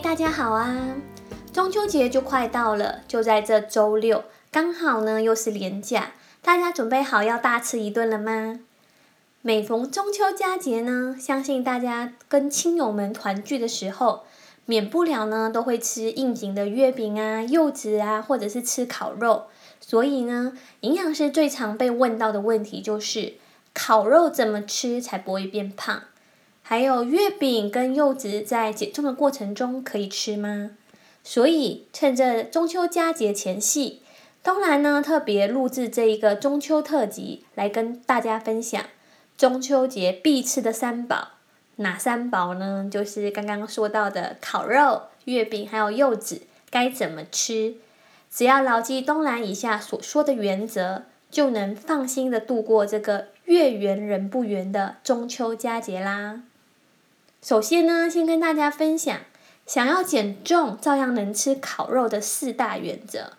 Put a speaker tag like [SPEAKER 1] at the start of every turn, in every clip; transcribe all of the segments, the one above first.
[SPEAKER 1] 大家好啊！中秋節就快到了，就在這周六，剛好呢又是連假，大家準備好要大吃一頓了嗎？每逢中秋佳節呢，相信大家跟親友們團聚的時候，免不了呢都會吃應景的月餅啊、柚子啊，或者是吃烤肉。所以呢，營養師最常被問到的問題就是：烤肉怎麼吃才不會變胖？還有月餅跟柚子在減重的過程中可以吃嗎？所以趁着中秋佳節前夕，東蘭呢特別錄製這一個中秋特輯，來跟大家分享中秋節必吃的三寶，哪三寶呢？就是剛剛說到的烤肉、月餅還有柚子，該怎麼吃？只要牢記東蘭以下所說的原則，就能放心的度過這個月圓人不圓的中秋佳節啦。首先呢，先跟大家分享，想要減重照樣能吃烤肉的四大原則。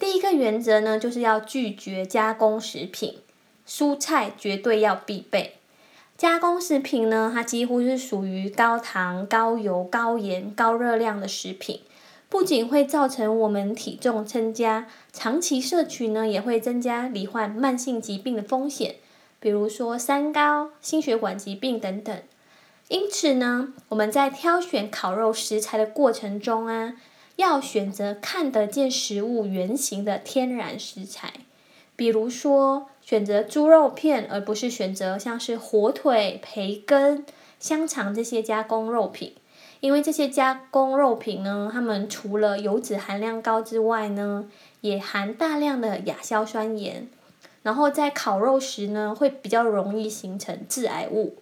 [SPEAKER 1] 第一個原則呢，就是要拒絕加工食品，蔬菜絕對要必備。加工食品呢，它幾乎是屬於高糖、高油、高鹽、高熱量的食品，不僅會造成我們體重增加，長期攝取呢，也會增加罹患慢性疾病的風險，比如說三高、心血管疾病等等。因此呢，我們在挑選烤肉食材的過程中啊，要選擇看得見食物原形的天然食材，比如說選擇豬肉片，而不是選擇像是火腿、培根、香腸這些加工肉品，因為這些加工肉品呢，它們除了油脂含量高之外呢，也含大量的亞硝酸鹽，然後在烤肉時呢，會比較容易形成致癌物。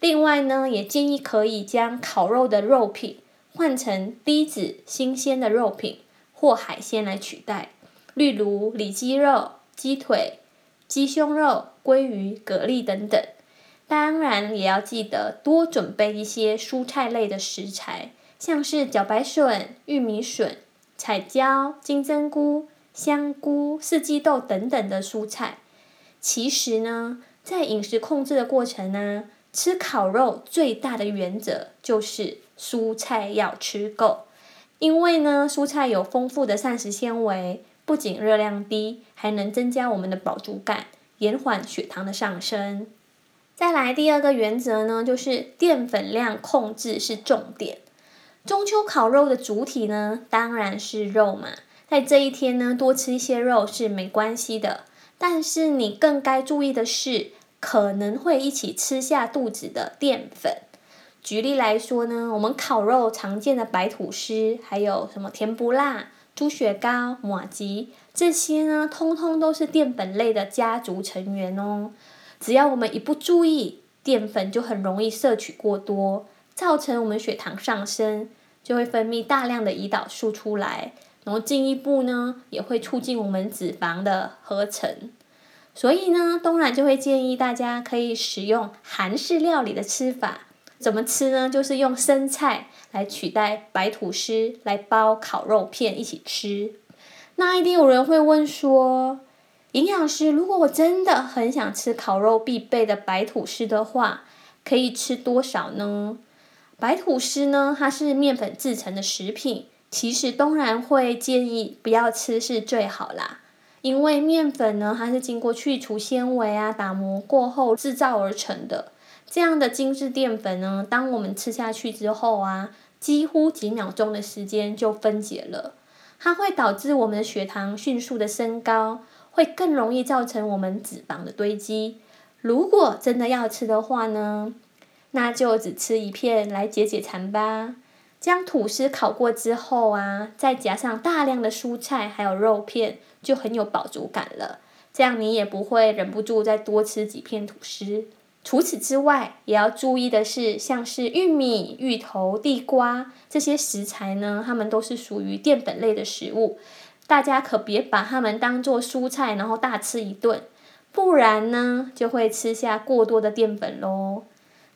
[SPEAKER 1] 另外呢，也建議可以將烤肉的肉品換成低脂新鮮的肉品或海鮮來取代，例如里脊肉、雞腿、雞胸肉、鮭魚、蛤蜊等等。當然也要記得多準備一些蔬菜類的食材，像是茭白筍、玉米筍、彩椒、金針菇、香菇、四季豆等等的蔬菜。其實呢，在飲食控制的過程呢，吃烤肉最大的原則就是蔬菜要吃夠，因為呢，蔬菜有豐富的膳食纖維，不僅熱量低，還能增加我們的飽足感，延緩血糖的上升。再來第二個原則呢，就是澱粉量控制是重點。中秋烤肉的主體呢，當然是肉嘛，在這一天呢，多吃一些肉是沒關係的，但是你更該注意的是。可能會一起吃下肚子的澱粉。舉例來說呢，我們烤肉常見的白吐司，還有什麼甜不辣、豬血糕、麻糬，這些呢，通通都是澱粉類的家族成員哦。只要我們一不注意，澱粉就很容易攝取過多，造成我們血糖上升，就會分泌大量的胰島素出來，然後進一步呢，也會促進我們脂肪的合成。所以呢，東蘭就會建議大家可以使用韓式料理的吃法，怎麼吃呢？就是用生菜來取代白吐司來包烤肉片一起吃。那一定有人會問說，營養師，如果我真的很想吃烤肉必備的白吐司的話，可以吃多少呢？白吐司呢，它是麵粉製成的食品，其實東蘭會建議不要吃是最好啦。因為麵粉呢，它是經過去除纖維啊、打磨過後製造而成的。這樣的精致澱粉呢，當我們吃下去之後啊，幾乎幾秒鐘的時間就分解了，它會導致我們的血糖迅速的升高，會更容易造成我們脂肪的堆積。如果真的要吃的話呢，那就只吃一片來解解饞吧。將吐司烤過之後啊，再加上大量的蔬菜還有肉片，就很有飽足感了。這樣你也不會忍不住再多吃幾片吐司。除此之外，也要注意的是，像是玉米、芋頭、地瓜這些食材呢，它們都是屬於澱粉類的食物，大家可別把它們當做蔬菜，然後大吃一頓，不然呢，就會吃下過多的澱粉咯。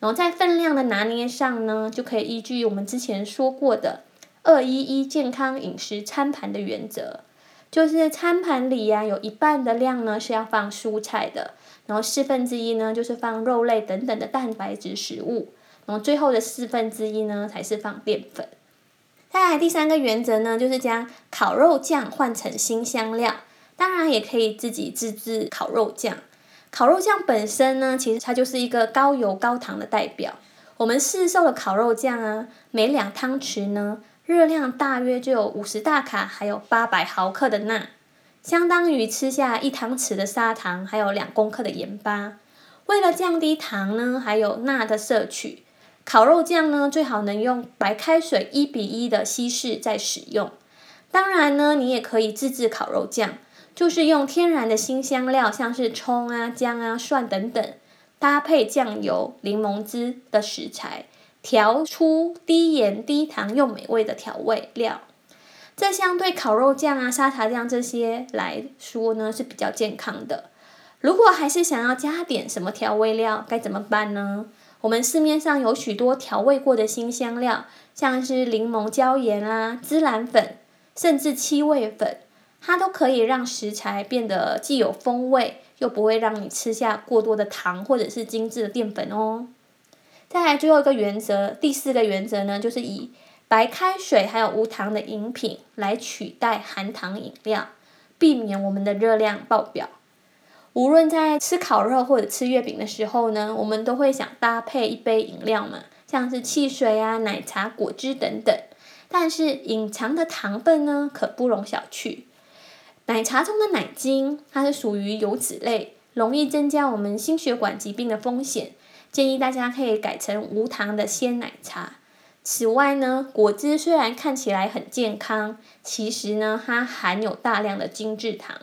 [SPEAKER 1] 然後在分量的拿捏上呢，就可以依據我們之前說過的“二一一健康飲食餐盤”的原則，就是餐盤裡呀、啊、有一半的量呢是要放蔬菜的，然後四分之一呢就是放肉類等等的蛋白質食物，然後最後的四分之一呢才是放澱粉。再來第三個原則呢，就是將烤肉醬換成辛香料，當然也可以自己自製制烤肉醬。烤肉醬本身呢，其實它就是一個高油高糖的代表。我們市售的烤肉醬啊，每兩湯匙呢，熱量大約就有五十大卡，還有八百毫克的鈉，相當於吃下一湯匙的砂糖，還有兩公克的鹽巴。為了降低糖呢，還有鈉的攝取，烤肉醬呢最好能用白開水一比一的稀釋再使用。當然呢，你也可以自製，製烤肉醬。就是用天然的辛香料，像是蔥啊、薑啊、蒜等等，搭配醬油、檸檬汁的食材，調出低鹽、低糖又美味的調味料。這相對烤肉醬啊、沙茶醬這些來說呢，是比較健康的。如果還是想要加點什麼調味料，該怎麼辦呢？我們市面上有許多調味過的辛香料，像是檸檬椒鹽啊、孜然粉，甚至七味粉。它都可以讓食材變得既有風味，又不會讓你吃下過多的糖或者是精緻的澱粉哦。再來最後一個原則，第四個原則呢，就是以白開水還有無糖的飲品來取代含糖飲料，避免我們的熱量爆表。無論在吃烤肉或者吃月餅的時候呢，我們都會想搭配一杯飲料嘛，像是汽水啊、奶茶、果汁等等，但是隱藏的糖分呢，可不容小覷。奶茶中的奶精，它是屬於油脂類，容易增加我們心血管疾病的風險。建議大家可以改成無糖的鮮奶茶。此外呢，果汁雖然看起來很健康，其實呢，它含有大量的精制糖，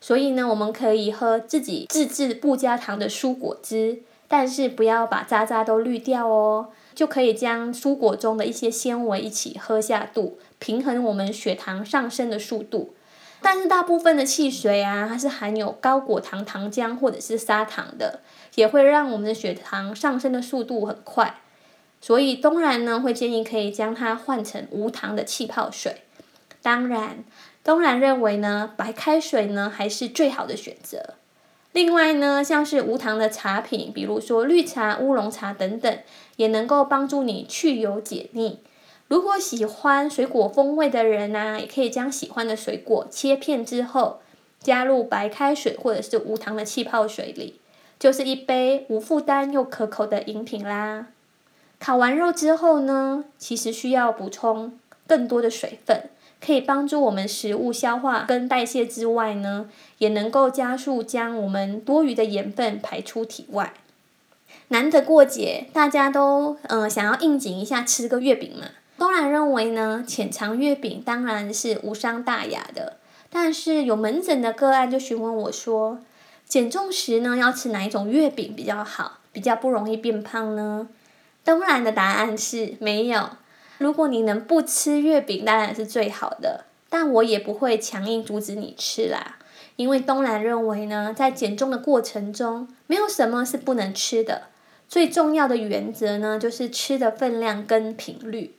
[SPEAKER 1] 所以呢我們可以喝自己自制不加糖的蔬果汁，但是不要把渣渣都濾掉哦，就可以將蔬果中的一些纖維一起喝下肚，平衡我們血糖上升的速度。但是大部分的汽水啊，它是含有高果糖糖漿或者是砂糖的，也會讓我們的血糖上升的速度很快。所以東蘭呢會建議可以將它換成無糖的氣泡水。當然，東蘭認為呢白開水呢還是最好的選擇。另外呢，像是無糖的茶品，比如說綠茶、烏龍茶等等，也能夠幫助你去油解膩。如果喜歡水果風味的人呢，也可以將喜歡的水果切片之後，加入白開水或者是無糖的氣泡水裡，就是一杯無負擔又可口的飲品啦。烤完肉之後呢，其實需要補充更多的水分，可以幫助我們食物消化跟代謝之外呢，也能夠加速將我們多餘的鹽分排出體外。難得過節，大家都嗯想要應景一下，吃個月餅嘛。東蘭認為呢，淺嘗月餅當然是無傷大雅的，但是有門診的個案就詢問我說，減重時呢，要吃哪一種月餅比較好，比較不容易變胖呢？東蘭的答案是沒有，如果你能不吃月餅，當然是最好的，但我也不會強硬阻止你吃啦，因為東蘭認為呢，在減重的過程中，沒有什麼是不能吃的，最重要的原則呢，就是吃的分量跟頻率。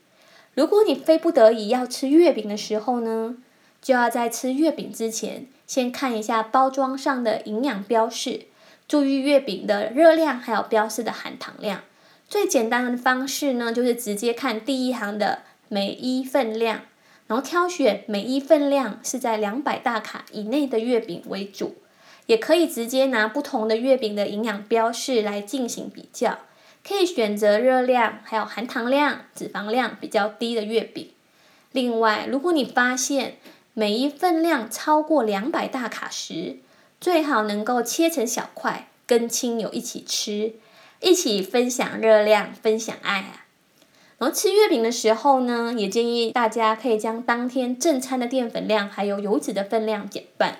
[SPEAKER 1] 如果你非不得已要吃月餅的時候呢，就要在吃月餅之前，先看一下包裝上的營養標示，注意月餅的熱量還有標示的含糖量。最簡單的方式呢，就是直接看第一行的每一份量，然後挑選每一份量是在兩百大卡以內的月餅為主。也可以直接拿不同的月餅的營養標示來進行比較。可以選擇熱量、還有含糖量、脂肪量比較低的月餅。另外，如果你發現每一份量超過兩百大卡時，最好能夠切成小塊，跟親友一起吃，一起分享熱量，分享愛啊。然後吃月餅的時候呢，也建議大家可以將當天正餐的澱粉量還有油脂的分量減半。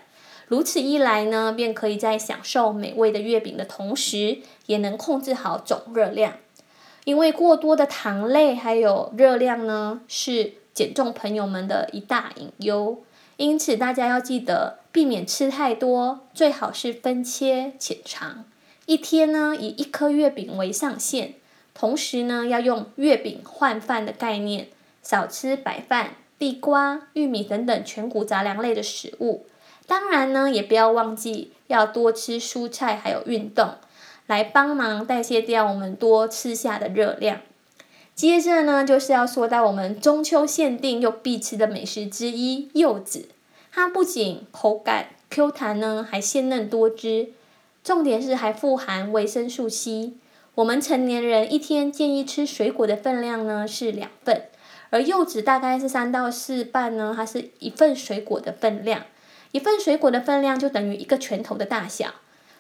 [SPEAKER 1] 如此一來呢，便可以在享受美味的月餅的同時，也能控制好總熱量。因為過多的糖類還有熱量呢，是減重朋友們的一大隱憂。因此，大家要記得避免吃太多，最好是分切淺嘗。一天呢，以一顆月餅為上限。同時呢，要用月餅換飯的概念，少吃白飯、地瓜、玉米等等全穀雜糧類的食物。當然呢，也不要忘記要多吃蔬菜，還有運動，來幫忙代謝掉我們多吃下的熱量。接着呢，就是要說到我們中秋限定又必吃的美食之一——柚子。它不僅口感 Q 彈呢，還鮮嫩多汁，重點是還富含維生素 C。我們成年人一天建議吃水果的分量呢是兩份，而柚子大概是三到四瓣呢，它是一份水果的分量。一份水果的分量，就等於一個拳頭的大小。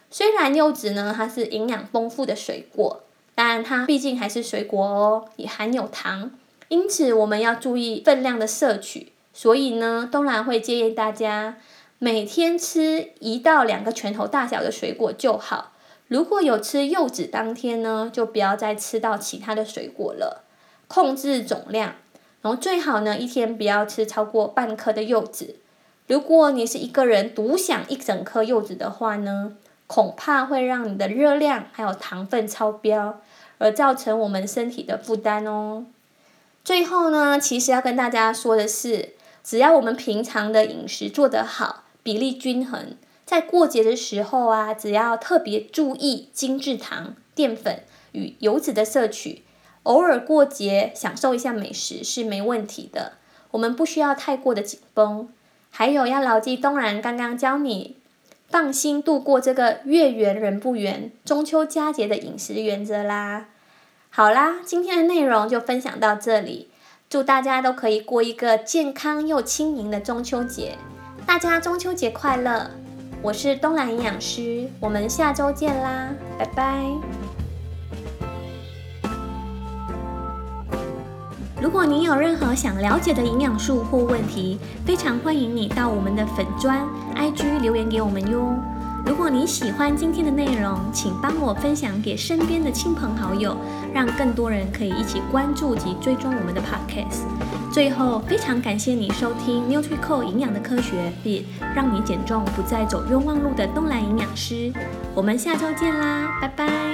[SPEAKER 1] 雖然柚子呢，它是營養豐富的水果，但它畢竟還是水果哦，也含有糖，因此我們要注意分量的攝取。所以呢，東蘭會建議大家每天吃一到兩個拳頭大小的水果就好。如果有吃柚子，當天呢，就不要再吃到其他的水果了，控制總量。然後最好呢，一天不要吃超過半顆的柚子。如果你是一個人獨享一整顆柚子的話呢，恐怕會讓你的熱量還有糖分超標，而造成我們身體的負擔哦。最後呢，其實要跟大家說的是，只要我們平常的飲食做得好，比例均衡，在過節的時候啊，只要特別注意精緻糖、澱粉與油脂的攝取，偶爾過節享受一下美食是沒問題的，我們不需要太過的緊繃。還有要牢記東蘭剛剛教你，放心度過這個月圓人不圓中秋佳節的飲食原則啦。好啦，今天的內容就分享到這裡，祝大家都可以過一個健康又輕盈的中秋節，大家中秋節快樂！我是東蘭營養師，我們下週見啦，拜拜。如果你有任何想了解的營養素或問題，非常歡迎你到我們的粉專 IG 留言給我們喲。如果你喜歡今天的內容，請幫我分享給身邊的親朋好友，讓更多人可以一起關注及追蹤我們的 podcast。最後，非常感謝你收聽 NutriCore 營養的科學，並讓你減重不再走冤枉路的東蘭營養師。我們下周見啦，拜拜。